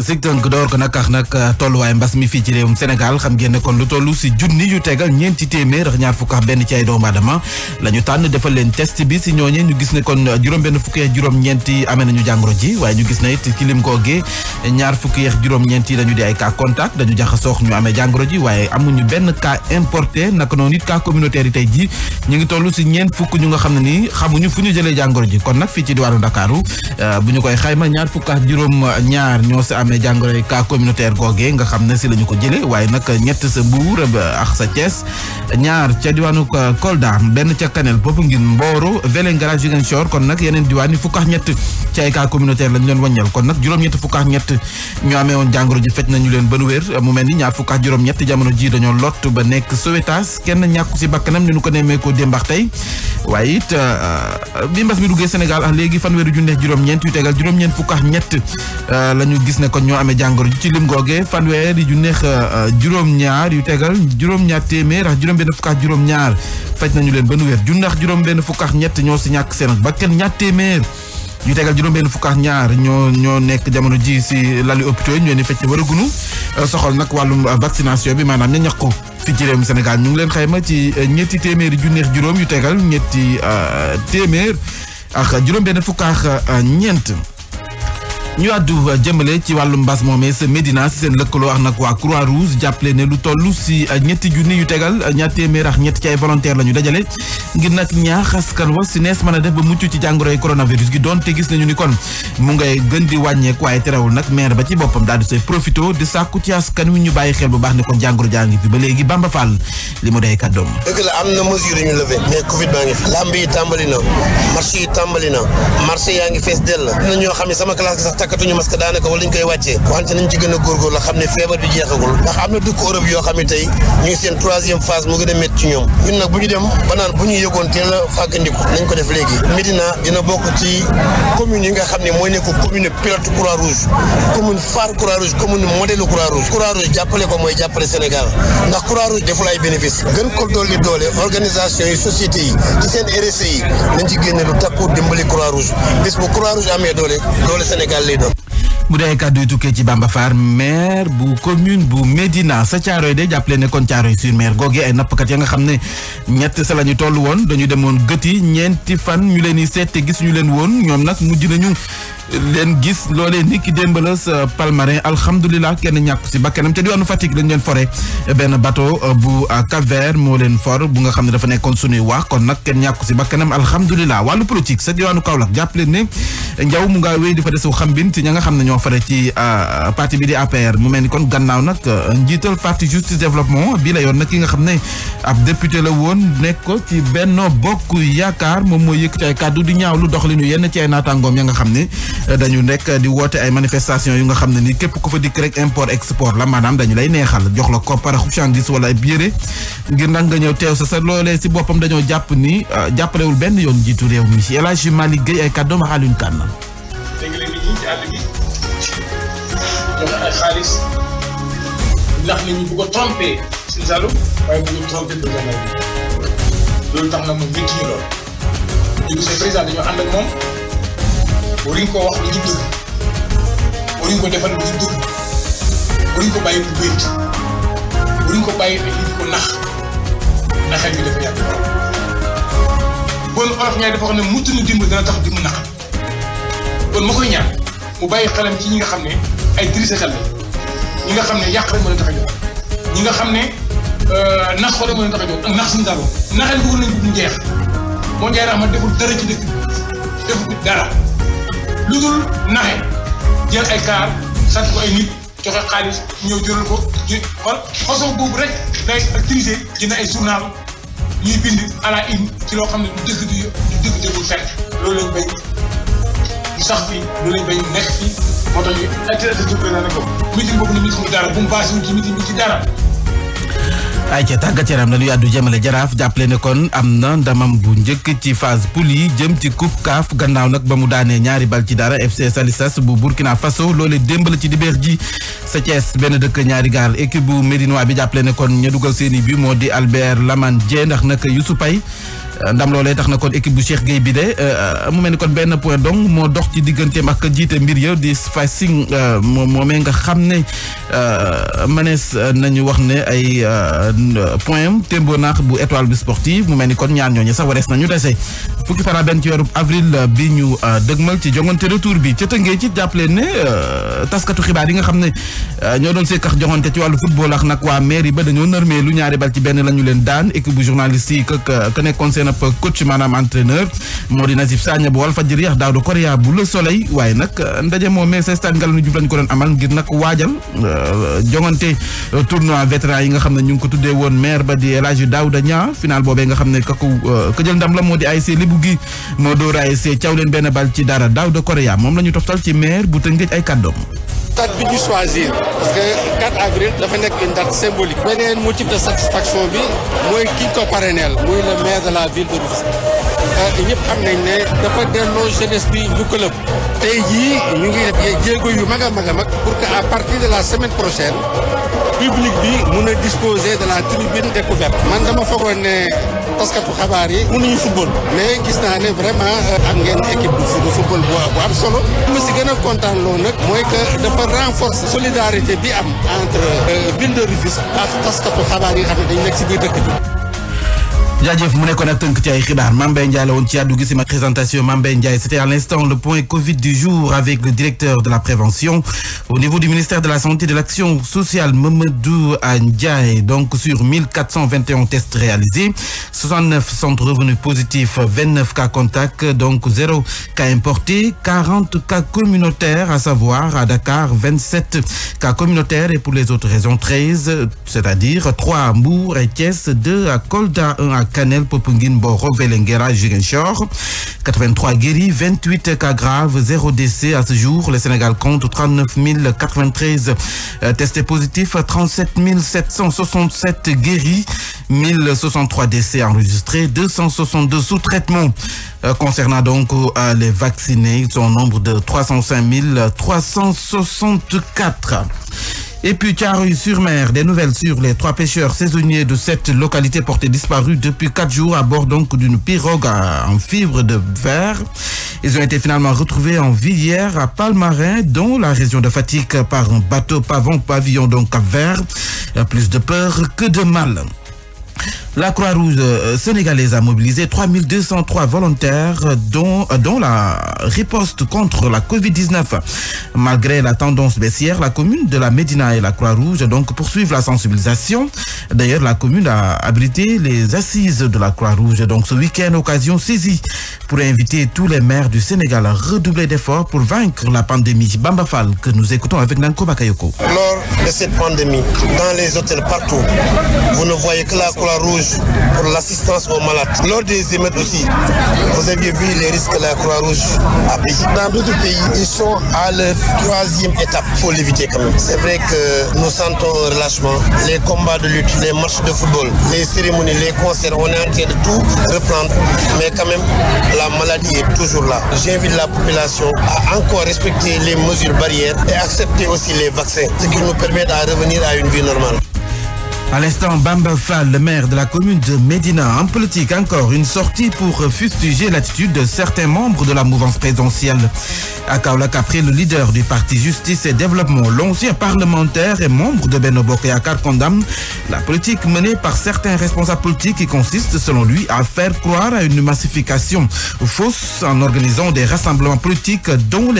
Zigdon door ko nag ak nag euh, tolluwaay mbas mi fii ci réewum Sénégal xam ngeen ne kon lu toll si junni yu tegal ñeenti téeméer ak ñaar fukk ak benn ci ay doomu aadama la ñu tànn defal leen test bi si ñooñee ñu gis ne kon juróom-benn fukki ak juróom-ñeenti amee nañu jàngoro ji waaye ñu gis ne it ci lim googee ñaar fukki ak juróom-ñeenti dañu di ay cas contact dañu jaxasoox ñu amee jàngoro ji waaye amuñu benn cas importé naka noonu it cas communautaire tey ji ñu ngi toll si ñeent fukk ñu nga xam ne ni xamuñu fu ñu jëlee jàngoro ji kon nag fii ci diwaanu Dakaaru euh, bu ñu koy xayma ñaar fukk ak juróom ñaar ñoo amee jàngoroy cas communautaire googee nga xam ne si la ñu ko jëlee waaye nag ñett sa Mbuur ak sa Thiès ñaar ca diwaanu Kolda benn ca Kanel boobu ngir Mboro Vélingara Ziguinchor kon nag yeneen diwaan yi fukk ak ñett ci ay cas lañ leen wàññal kon nag juróom-ñett fukk ak ñett ñu amee woon jàngoro ji faj nañu leen bën wér mu mel ni ñaar fukk ak juróom-ñett jamono ji dañoo lot ba nekk Sowétas kenn ñàkku si bakkanam ni ñu ko nemmee koo démbax tey waaye it euh, bi mbas mi duggee Sénégal ak léegi fanweeri junne juróom-ñeent yu tegal juróom-ñeent fukk ak ñett euh, la gis ne kon ñoo amee jàngoro ji ci lim googee fanweer yu neex euh, euh, juróom-ñaar yu tegal juróom-ñaar téeméer ak juróom juróom-ñaar faj nañu leen ba nu wér junnax juróom-benn fukk ak ñett ñoo si ñàkk seen bakkan ñaar téeméer yu tegal juróom-benn fukk ak ñaar ñoo ñoo nekk jamono ji si lali hôpitaux ñoo ne fecc war a euh, soxal nag wàllum vaccination bi maanaam ña ñax ko fii ci réewum Sénégal ñu ngi leen xayma ci ñetti téeméeri junneex juróom yu tegal ñetti téeméer ak juróom-benn fukk ñeent ñu àddu euh, jëmale ci wàllu mbas moomee sa Médina si seen lëkkaloo ak nag waa Croix Rouge jàppale ne lu toll si euh, ñetti junni yu tegal euh, ñaar téeméer ak ñett ci ay dajale ngir nag ñaax askan wa si nees mën a def ba mucc ci jàngoroy coronavirus gi doon gis nañu ni kon mu ngay gën di wàññeeku waaye terewul nag maire ba ci boppam daal di say profito sàkku ci askan wi ñu bàyyi xel bu baax ne kon jàngoro jaa fi ba léegi Bamba Fall li mu day kàddoom. dëgg la am na mesure ñu levé mais Covid takkatuñu masque daanaka wala ñu koy wàccee waxante nañ ci gën a la xam ne feebar bi jeexagul ndax am na dëkk Europe yoo xam ne tey ñu seen troisième phase mu gën a métti ci ñoom ñun nag bu ñu dem ba naan bu ñu yëgoon teel a fàggandiku nañ ko def léegi Médina dina bokk ci commune yi nga xam ne mooy nekk commune pilote croix rouge commune phare croix rouge commune modèle croix rouge croix jàppale Sénégal ndax croix rouge deful ay bu dee kàddu yu tukkee ci Bamba Fall maire bu commune bu Médina sa caaro yi de jàppale ne kon Caaroy sur mer googu ay nappkat ya nga xam ne ñett sa la ñu toll woon dañu demoon gëti ñeenti fan ñu leen di seet te gis ñu leen woon ñoom nag mujj nañu. leen gis loolee ni ki démb la sa palmarin alhamdulilah kenn ñàkk si bakkanam te diwaanu Fatick lañ leen fore benn bateau euh, bu euh, Cap Vert moo leen for bu nga xam ne dafa nekkoon suñuy wax kon nag kenn ñàkk si bakkanam alhamdulilah wàllu politique sa diwaanu Kaolack leen ne njaw mu nga wéy di fa desu xambin ci ña nga xam ne ñoo fare ci euh, parti bi di APR mu mel ni kon gannaaw nag njiital parti justice développement bi la yoon nag ki nga xam ne ab député la woon nekk ko ci Benno Bokk Yaakaar moom mooy yëkkati kàddu di ñaaw lu doxalinu yenn ci ay naataangoom nga xam ne dañu nekk di woote ay manifestation yu nga xam ne nii képp ku fa dikk rek import export la maanaam dañu lay neexal jox la koppar xuchandis wala ay biére ngir nag nga ñëw teew sa sa loolee si boppam dañoo jàpp ni ah, jàppalewul benn yoon jiitu réew mi El Hadji Malick Gueye ay kàddoom ak Alioune Kane ndax nit ñi bu dañoo ànd moom. waruñ ko wax lu ci dëgg waruñ ko defal lu ci dëgg waruñ ko bàyyi bu bënt waruñ ko bàyyi ay ko nax naxal bi dafa yàgg lool. bon olof ñaay dafa wax ne mucc na dimb dana tax dimb nax kon ma koy ñaan mu bàyyi xelam ci nga xam ne ay dirisa xel la ñi nga xam ne yàq rek mën a tax nga xam ne euh, nax ko a tax a jóg ak nax suñu daro naxal ko jeex moo jaay raxma deful dara ci dëkk bi deful dara. lu dul naxe ja ay kaar sant ko ay nit joxe xaalis ñëw jëral ko ji xool façon boobu rek day activisé jënd ay journal ñuy bind à la une ci loo xam ne du dëgg du dëgg dëggul fekk loolu lañ béy mu sax fii loolu lañ béy mu nekk fii moo tax ñu intérêt de jëppee ne ko meeting boobu ne meeting bu bu mu basé wu ci meeting ay ca tàggat yaram lañu yàddu jëmale jaraaf jàppale ne kon am na ndamam bu njëkk ci phase poule yi jëm ci coupe CAF gannaaw nag ba mu daanee ñaari bal ci dara FC Salisas bu Burkina Faso loolee démb la ci dibeer ji sa benn dëkk ñaari gaar équipe bu Médinois bi jàppale ne kon ña dugal seen bi moo di Albert Lamane Dieng ndax nag Youssou Paye euh, ndam loolee tax na kon équipe bu Cheikh Gueye bi de euh, mu mel ni kon benn point donc moo dox ci digganteem ak jiite mbir yow di Fassing euh, moom moomee nga xam ne manees nañu wax ne ay point témbo naax bu étoile bi sportive mu mel ni kon ñaar ñooñu sax warees nañu dese fukki fara benn ci weeru avril bi ñu dëgmal ci jongante retour bi ca tëngee ci jàppale ne taskatu xibaar yi nga xam ne Euh, ñoo doon seekax joxante ci wàllu football ak nag waa yi ba dañoo nërmee lu ñaari bal ci benn la ñu leen daan équipe bu journaliste yi que que nekkoon seen ab coach maanaam entraîneur moo di Nasib Sagna bu wal fajiri ak Daouda Correa bu Le Soleil waaye nag euh, ndaje moo mais sa stade Ngalandou Diouf lañ ko doon amal ngir nag waajal euh, joŋante tournoi vétéran yi nga xam ne ñu ngi ko tuddee woon maire ba di El Hadji Daouda Niang final boobee nga xam ne ka ko moo di ASC Libou gi moo dóor ASC Thiawlène benn bal ci dara Daouda Correa moom la ñu toftal ci maire bu Tëngéej ay kàddoom date bi ñu choisir parce que 4 avril dafa nekk une date symbolique. beneen motif de satisfaction bi mooy ki ko parrainel muy le de la ville de Rufisque euh, ñëpp xam nañ ne dafa delloo jeunesse bi ñu këlëb tey jii ñu ngi def jéego yu maga a mag pour que à partir de la semaine prochaine public bi mun a disposer de la tribune découverte man dama foogoon ne. taskatu xabaar yi mënuñu football mais gis naa ne vraiment euh, am ngeen équipe bu football bu am solo ma si gën a kontaan loolu mooy que dafa renforcer solidarité bi am entre euh, ville de Rufisque ak taskatu xabaar yi xam ne dañ nekk si biir dëkk bi jaajëf mu nekkoon ak tënk ci ay xibaar Mame Mbaye Ndiaye la woon ci àddu gi sama présentation Mame Mbaye Ndiaye c'était à l'instant le point Covid du jour avec le directeur de la prévention au niveau du ministère de la santé et de l'action sociale Mamadou Ndiaye donc sur à savoir à Dakar 27 cas communautaires et pour les autres raisons 13 c'est-à-dire 3 Kanel Popenguine Mboro Vélingara Ziguinchor 83 guéris 28 cas graves 0 décès à ce jour le Sénégal compte 39 093 euh, testés positifs 37 767 guéris 1063 décès enregistrés 262 sous traitement euh, concernant donc euh, les vaccinés ils sont au nombre de 305 364 Et puis Tiaroy-sur-Mer, des nouvelles sur les trois pêcheurs saisonniers de cette localité portés disparus depuis quatre jours à bord donc d'une pirogue en fibre de verre. Ils ont été finalement retrouvés en vie à Palmarin, dans la région de Fatick, par un bateau pavon pavillon donc à verre. Plus de peur que de mal. La Croix-Rouge euh, sénégalaise a mobilisé volontaires euh, euh, dont, la riposte contre la Covid-19. Malgré la tendance baissière, la commune de la Médina et la Croix-Rouge donc poursuivent la sensibilisation. D'ailleurs, la commune a abrité les assises de la Croix-Rouge donc ce week-end, occasion saisie pour inviter tous les maires du Sénégal à redoubler d'efforts pour vaincre la pandémie Bambafal que nous écoutons avec Nanko Bakayoko. Lors de cette pandémie, dans pour l'assistance aux malades. Lors des émeutes aussi, vous aviez vu les risques que la Croix-Rouge a pris. Dans d'autres pays, ils sont à leur troisième étape. Il faut l'éviter quand même. C'est vrai que nous sentons un relâchement. Les combats de lutte, les matchs de football, les cérémonies, les concerts, on est en train de tout reprendre. Mais quand même, la maladie est toujours là. J'invite la population à encore respecter les mesures barrières et accepter aussi les À l'instant, Bamba Fall, le maire de la commune de Médina, en politique encore une sortie pour fustiger l'attitude de certains membres de la mouvance présidentielle. À après le leader du parti Justice et Développement, l'ancien parlementaire et membre de Benobok et Akar condamne la politique menée par certains responsables politiques qui consiste, selon lui, à faire croire à une massification fausse en organisant des rassemblements politiques dont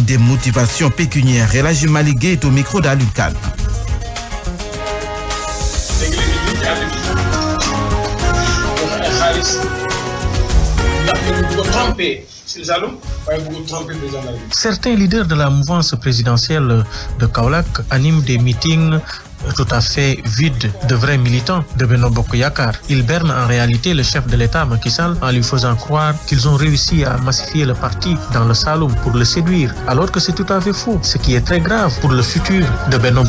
des motivations pécuniaires. Et là, Maligé est bëgg a tromper Sine Saloum waaye bëgg a tromper président de la République. Certains leaders de la mouvance présidentielle de Kaolack animent des meetings tout à fait vide de vrais militants de Benno Bokk Yakaar. Ils bernent en réalité le chef de l'État Macky en lui faisant croire qu'ils ont réussi à massifier le parti dans le Saloum pour le séduire, alors que c'est tout à fait faux, ce qui est très grave pour le futur de Benno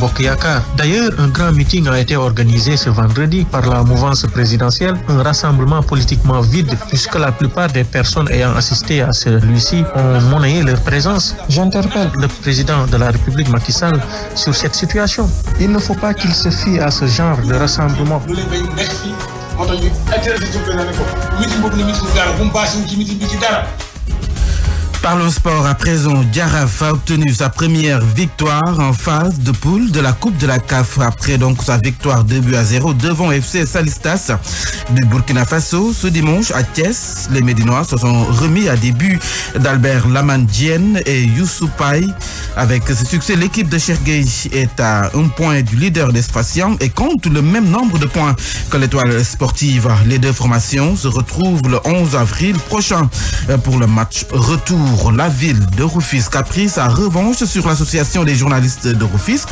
D'ailleurs, un grand meeting a été organisé ce vendredi par la mouvance présidentielle, un rassemblement politiquement vide puisque la plupart des personnes ayant assisté à celui-ci ont monnayé pas qu'il se fie à ce genre de rassemblement. moo tax ñu intérêt ci jóg na ne ko mitin boobu mitin dara bu mu baasiwul ci mitin Parlons sport à présent. Diaraf a obtenu sa première victoire en phase de poule de la Coupe de la CAF après donc sa victoire 2 buts à 0 devant FC Salistas du Burkina Faso. Ce dimanche à Thiès, les Médinois se sont remis à des buts d'Albert Lamandjienne et Youssou Avec ce succès, l'équipe de Sergueï est à un point du leader des Spatiens et compte le de points avril prochain euh, pour le match recours. La ville de Rufisque a sa revanche sur l'association des journalistes de Rufisque.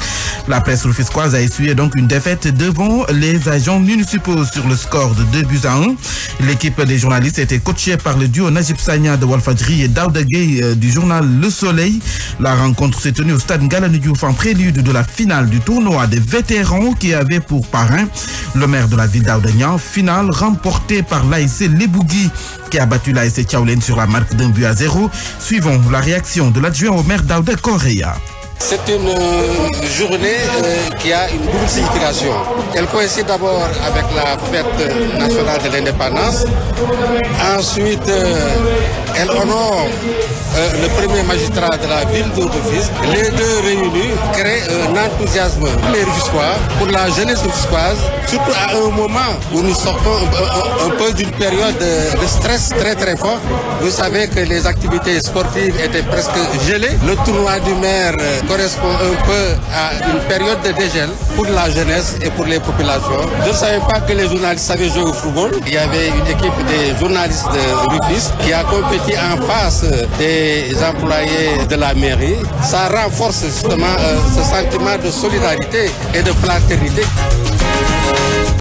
La presse rufisquoise a essuyé donc une défaite devant les agents municipaux sur le score de 2 à 1. L'équipe des journalistes était coachée par le duo Najib Sagna de Walfadri et Daouda euh, du journal Le Soleil. La rencontre s'est tenue au stade Ngalani Diouf prélude de la finale du tournoi des vétérans qui avait pour parrain le maire de la ville d'Audagnan. Finale a Suivons la réaction de l'adjoint au maire d'Aouda Correa. C'est une euh, journée euh, qui a une double signification. Elle coïncide d'abord avec la fête nationale de l'indépendance, ensuite euh, Elle honore euh, le premier magistrat de la ville d'Autofisque. Les deux réunis créent un enthousiasme les Rufisquois, pour la jeunesse rufisquoise, surtout à un moment où nous sortons un, peu d'une période de, stress très très fort. Vous savez que les activités sportives étaient presque gelées. Le tournoi du maire euh, correspond un peu à une période de dégel pour la jeunesse et pour les populations. Je ne savais pas que les journalistes savaient de Rufis qui a compétit qui est en face des employés de la mairie, ça renforce justement euh, ce sentiment de solidarité et de fraternité.